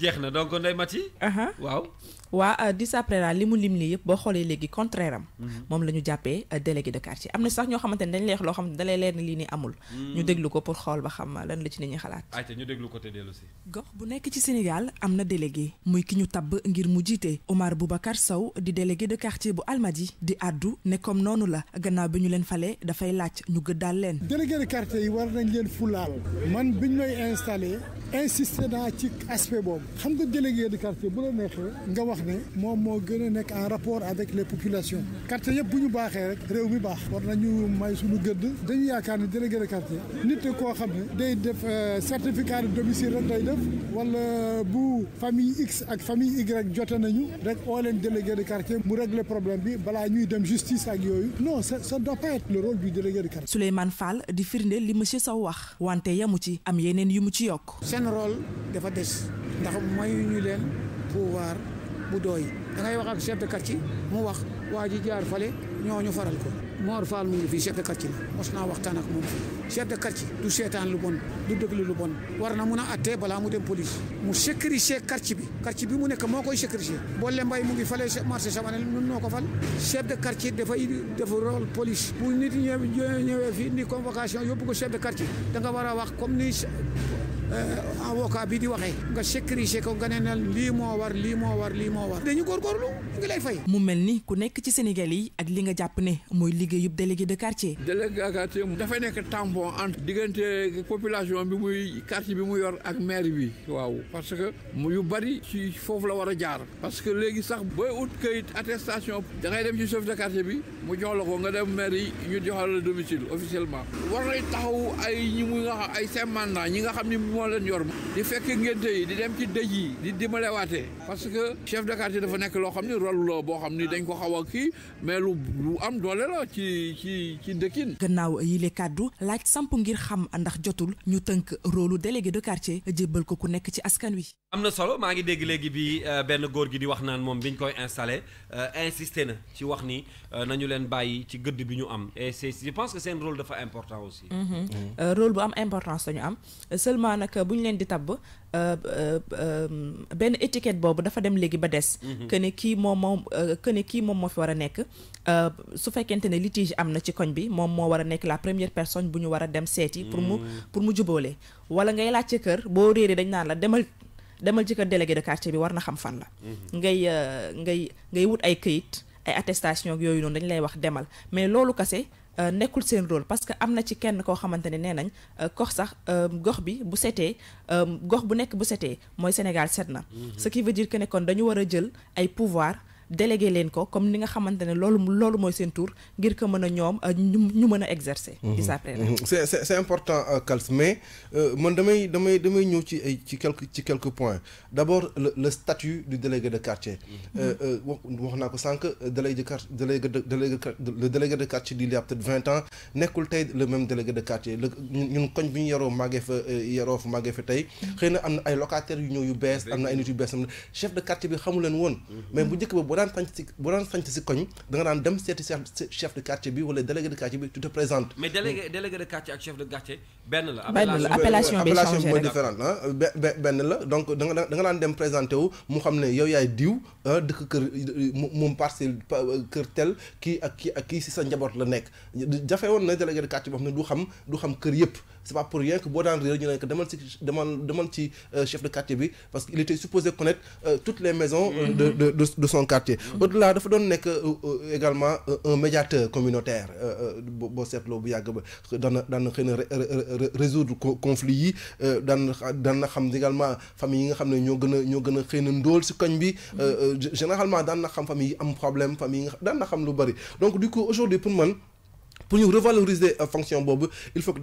jeex na donc ndey mati waaw. waa euh, dis après la li mu lim lii yëpp contraire am. Mhm. moom la euh, délégué de quartier amna sax ño xamante dañ lay wax loo xam ne da leer amul. Mhm. ñu déglu ko pour xol ba xam lan la ci nit ñi xalaat. té ñu déglu ko te dellu si. gox bu nekk ci Sénégal amna délégué muy ki ñu tab ngir mu jité Omar Boubacar Saw, di délégué de quartier bu Almadi di addu ne comme nonu la gannaaw bi ñu leen da fay lacc ñu gëdal leen. délégué de quartier yi war nañ leen fulal man biñ may installé insister dans ci aspect boobu xam nga délégué de quartier bu la neexee nga wax ne moom moo gën a nekk en rapport avec les populations quartier yëpp bu ñu baaxee rek réew mi baax war nañu may suñu gëdd dañu yaakaar ne délégué de quartier nit koo xam ne day def euh, certificat de domicile rek day def wala bu famille X ak famille Y jote nañu rek oo leen délégué de quartier mu régler problème bi balaa ñuy dem justice ak yooyu non ça ça doit pas être le rôle du délégué de quartier. Souleymane Fall di firnde li monsieur Sow wax wante yamu ci am yeneen yu mu ci yokk. seen rôle dafa des. ndax mayuñu leen pouvoir bu dooy da ngay wax ak chef de quartier mu wax waa ji jaar fale ñooñu faral ko Mor Fall mu ngi fii chef de quartier mos naa waxtaan ak moom fii chef de quartier du seetaan lu bon du déglu lu bon war na mun a attee balaa mu dem police mu sécuriser quartier bi quartier bi mu nekk moo koy sécuriser Bolle Mbaye mu ngi fale marché Chavanel nun noo ko fal chef de quartier dafay def rôle police bu nit ñëwee fii indi convocation yóbbu ko chef de quartier danga war a wax comme ni Euh, avocat bi di waxee nga sécuriser ko nga ne na lii moo war lii moo war lii moo war dañu góorgóorlu ngi lay fay mu mel ni ku nekk ci Sénégal yi ak li nga jàpp ne mooy liggéeyub délégué de quartier délégué de quartier dafay nekk tampon entre diggante population bi muy quartier bi mu yor ak maire bi waaw parce que mu yu bari si foofu la war a jaar parce que léegi sax booy ut kayit attestation da ngay dem ci chef de quartier bi mu jox la ko nga dem maire yi ñu joxal la domicile officiellement war moo leen ma di fekk ngénte yi di dem ci dëj yi di dimbalewaatee parce que chef de quartier dafa nekk loo xam ni rôle la boo xam ni dañ ko xaw a kii mais lu lu am doole la ci ci ci dëkkin gannaaw yile kàddu laaj samp ngir xam ndax jotul ñu tënk rôlu délégué de quartier jébbal ko ku nekk ci askan wi am na solo maa ngi dégg léegi bi euh, benn góor gi di wax naan moom biñ koy installé euh, insisté na ci wax ni euh, nañu leen bàyyi ci gëdd bi ñu am et c'est je que seen rôle dafa important aussi. Mm-hmm. rôle bu am importance dañu am seulement nag bu leen di tabb benn étiquette boobu dafa dem léegi ba des. Mm-hmm. que ne kii moom moom que ne kii moom moo fi war a nekk su fekkente ne litige am na ci koñ bi moom moo war a nekk la première personne bu ñu war a dem seeti. pour mu mm. pour mu jubóole wala ngay laajte kër boo réeree dañ naan la demal. demal ci kër délégué de quartier bi war na xam fan la. Mhm. ngay euh, ngay ngay wut ay këyit ay attestation yooyu noonu dañ lay wax demal mais loolu kase euh, nekkul seen rôle parce que am na ci kenn koo xamante ne nee nañ euh, gox sax gox bi bu setee gox bu nekk bu setee mooy Sénégal set na. Mhm. ce qui veut dire que ne kon dañu war a jël ay pouvoir. déléguer leen ko comme ni nga xamante ne loolu loolu mooy seen tour ngir que mën a ñoom euh, ñu mën a exercer. Mhm. gis après mhm. c'est c'est important euh, Kals mais euh, man damay damay damay ñëw ci ay ci quelque ci quelques points d'abord le le statut du délégué de quartier. Mhm. wax wax naa ko sànq délégué de quartier délégué de délégué le délégué de quartier d'il y a peut-être 20 ans nekkul tey le même délégué de quartier la ñun koñ bi ñu yaroo màggee fa yaroo fa màggee fa tey xëy na am na ay locataires yu ñëw yu bees am na ay nit yu bees am chef de quartier bi xamu leen woon mais bu njëkk ba daan sanc si bu daan sanc si chef de quartier bi wala délégué de quartier bi tu te présentes. mais délégué délégué de quartier et chef de quartier ben la. appellation bi différente ah, ben là donc da nga da dem présenté wu mu xam ne yow yaay diw ah, parcelle tel qui a kii ak kii si sa njaboot la nekk jafe délégué de quartier boo xam ne du xam du xam c'est pas pour rien que boo daan réer ñu que demande demande euh, chef de quartier parce qu'il était supposé connaître euh, toutes les maisons mm-hmm. euh, de de de son quartier quartier mm-hmm. au-delà dafa doon nekk euh, euh, également euh, un médiateur communautaire boo seetloo bu yàgg ba dana daan xëy résoudre conflit yi daan daan xam également famille yi nga xam ne ñoo gën a ñoo gën a xëy na bi mm-hmm. généralement daan na xam famille yi am problème famille yi nga daan na xam lu bari donc du coup aujourd'hui pour man pour nous revaloriser euh, fonction bob, il faut que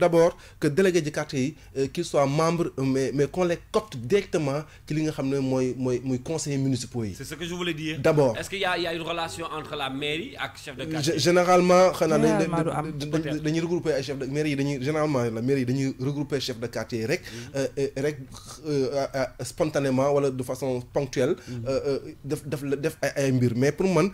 que délégué quartier soient euh, qu'il soit euh, mais mais qu'on les copte directement qu'ils li conseillers municipaux C'est ce que je voulais dire. D'abord. est ce qu'il y' a une relation entre la mairie le chef de quartier. généralement regrouper de mairie généralement la mairie regroupe chef de quartier mm-hmm. spontanément ou de façon ponctuelle. Mm-hmm. def def mais pour moi,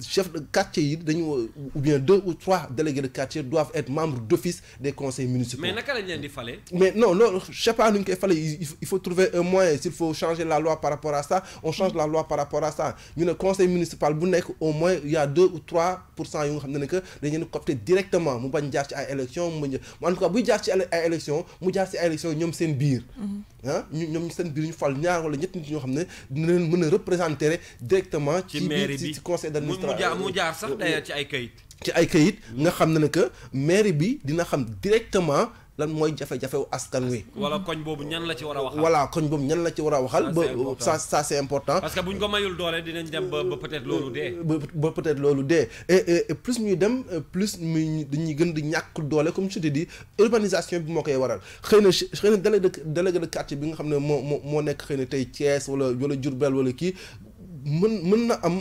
chef de quartier ou bien deux ou trois délégués. Les de quartier doivent être membres d'office des conseils municipaux. Mais naka la ñu leen di mais non non je sais pas ñu koy fale il faut trouver un moyen s'il faut changer la loi par rapport à ça on change la loi par rapport à ça ñu ne conseil municipal bu au moins il y a deux ou trois pour cent yu nga xam que dañu coopter directement mu bañ jaar ci ay élections mu en tout cas buy jaar ci ay élections mu jaar ci ay élections ñoom seen biir. Mm-hmm. ah ñu ñoom seen ñu fal ñaar wala ñet ñu xamné ne dina leen représenter directement. ci mairie conseil d'administration mu jaar sax d'ailleurs ci ay ci ay kayit nga xam ne ne que mairie bi dina xam directement lan mooy jafe-jafewu askan wi. wala koñ boobu ñan la ci war a waxal. voilà koñ boobu ñan la ci war a waxal. ba sa sa c'est important. parce que buñ ko mayul doole dinañ dem ba peut-être loolu dee. Euh, ba peut-être loolu dee et plus ñuy dem euh, plus muy dañuy gën di ñàkk doole comme je di dis urbanisation bi moo koy waral xëy na xëy na délégué de délégué de quartier bi nga xam ne moo moo moo nekk xëy na tey Thiès wala wala Diourbel wala kii mën mën na am.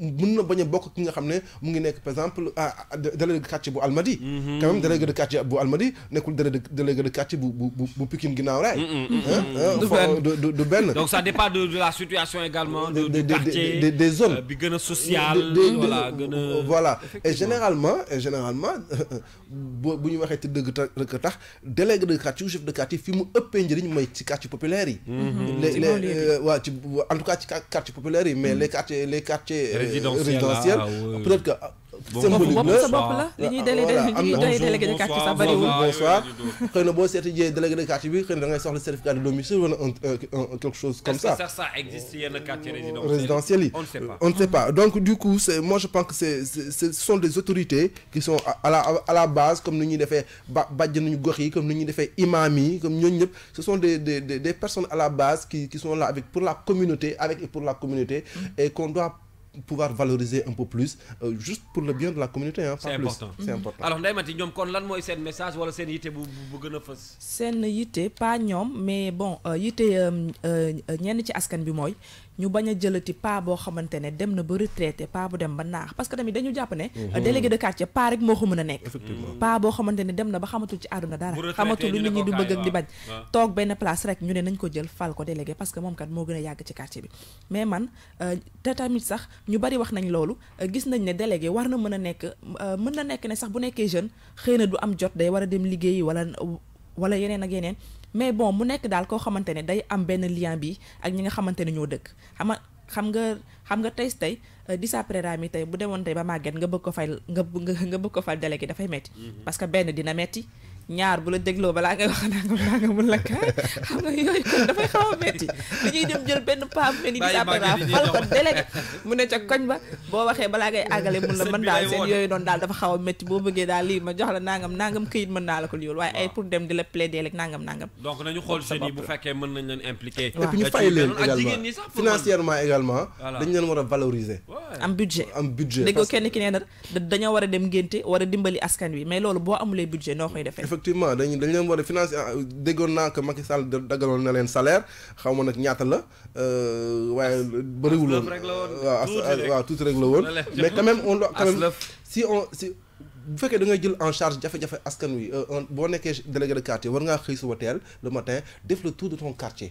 mën na bañ a bokk ki nga xam ne mu ngi nekk par exemple ah, ah, délégué de quartier bu Almadi mm-hmm. quand même délégué de quartier bu Almadi nekkul délégué de quartier bu bu bu Pikine ginnaaw raay mm-hmm, hein? mm-hmm, hein? du benn donc ça dépend de la situation également de quartier des zones euh, bi gën a sociale voilà gën voilà et généralement et généralement bo bu ñu waxee te dëgg rek tax délégué de quartier ou chef de quartier fi mu ëppee njëriñ mooy ci quartier populaire yi les les waaw euh, ci en tout cas ci quartier populaire yi mais les quartiers les quartiers euh, résidentiel ah, peut-être que bonsoir ça. quartier on ne sait pas donc du coup moi je pense que ce sont des autorités qui sont à la base comme ce sont des personnes à la base qui sont là pour la communauté avec et pour la communauté mm. et qu'on doit pouvoir valoriser un peu plus euh, juste pour le bien de la communauté hein c'est important c'est mhm. important alors Ndeye Maty ñoom kon lan moy sen message wala sen yité bu bu gën a fës seen pas ñoom mais bon euh, yitte euh, ñen ci askan bi moy ñu baña jëlati pa bo xamantene ne dem na ba retraité pa bu dem ba nax parce que tamit dañu jàpp ne mhm. délégué de quartier pa rek mo ko nek pa bo xamantene ne dem na ba xamatu ci àdduna dara xamatu lu nit ñi du bëgg ak di bañ tok ben place rek ñu né nañ ko jël fal ko délégué parce que mom kat mo gën a ci quartier bi mais man tata mit sax ñu bari wax nañ loolu euh, gis nañ ne délégué war na mën a nekk euh, mën na nekk ne sax bu nekkee jeune xëy na du am jot day war a dem liggéey wala wala yeneen ak yeneen mais bon mu nekk daal koo xamante ne day am benn lien bi ak ñi nga xamante ne ñoo dëkk xama xam nga xam nga tey tey euh, Dissa Preira mi tey bu demoon tey ba màgget nga bëgg ko fay nga nga bëgg ko fay délégué dafay metti mm-hmm. parce que benn dina metti ñaar bu la dégloo balaa ngay wax nangam nangam bu la kaay xam nga yooyu kon dafay xaw a métti dañuy dem jël benn paam mel ni disapara fal ko délégué mu ne ca koñ ba boo waxee balaa ngay àggale mun la mën daal seen yooyu doon daal dafa xaw a métti boo bëggee daal lii ma jox la naa nangam këyit mën naa la ko liol waaye ay pour dem di la plaider rek nangam nangam donc nañu xool jeunes yi bu fekkee mën nañ leen impliqué et puis ñu fay war a valoriser am budget am déggoo kenn ki nee na dañoo war a dem ngénte a dimbali askan wi mais loolu effectivement dañu dañ leen war a financer ah, déggoon naa que Macky Sall daggaloon na leen salaire xaw ma nag ñaata la euh, waaye bëriwul woon waaw waaw tuuti rek la woon mais quand même on doit quand si on si bu fekkee da ngay jël en charge jafe-jafe askan wi euh, boo nekkee délégué de quartier war ngaa xëy suba teel le matin def le tout de ton quartier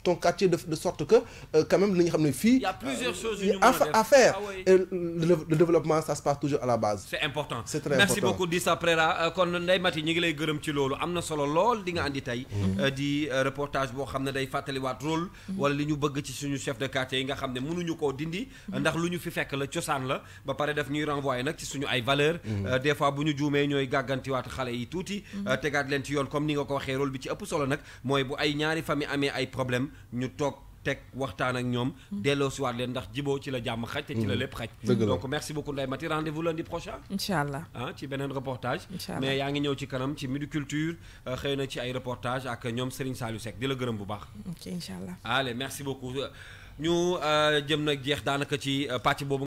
ton quartier de, de sorte que euh, quand même nañu xam ne fii. il y a plusieurs choses euh, yu à faire ah oui. et le, le développement ça se passe toujours à la base. c'est important c'est très merci important merci beaucoup Prera. Préra euh, kon Ndeye Mati ñu ngi lay gërëm ci loolu am na solo lool di nga andi tey. Mm-hmm. Euh, di reportage boo xam ne day fàttaliwaat rôle. Mm-hmm. wala li ñu bëgg ci suñu chef de quartier yi nga xam ne mënuñu koo dindi. Mm-hmm. ndax lu ñu fi fekk la cosaan la ba pare daf ñuy renvoyer nag ci suñu ay valeurs. des fois bu ñu juumee ñooy gàggantiwaat xale yi tuuti. tegaat leen ci yoon comme ni nga ko waxee rôle bi ci ëpp solo nag mooy bu ay ñaari famille amee ay problème ñu tok tek waxtaan ak ñom delloo si waat leen ndax jibo ci la jamm xaj te ci la mm-hmm. lepp xaj donc merci beaucoup Ndeye Maty rendez-vous lundi prochain Inshallah. allah ah, ci benen reportage mais yaa ngi ñëw ci kanam ci midi culture euh, xëy ci ay reportage ak ñom Serigne Saliou Seck di la gërëm bu baax ok Inshallah. allez merci beaucoup ñu euh, jëm nag jeex daanaka ci euh, pàcc boobu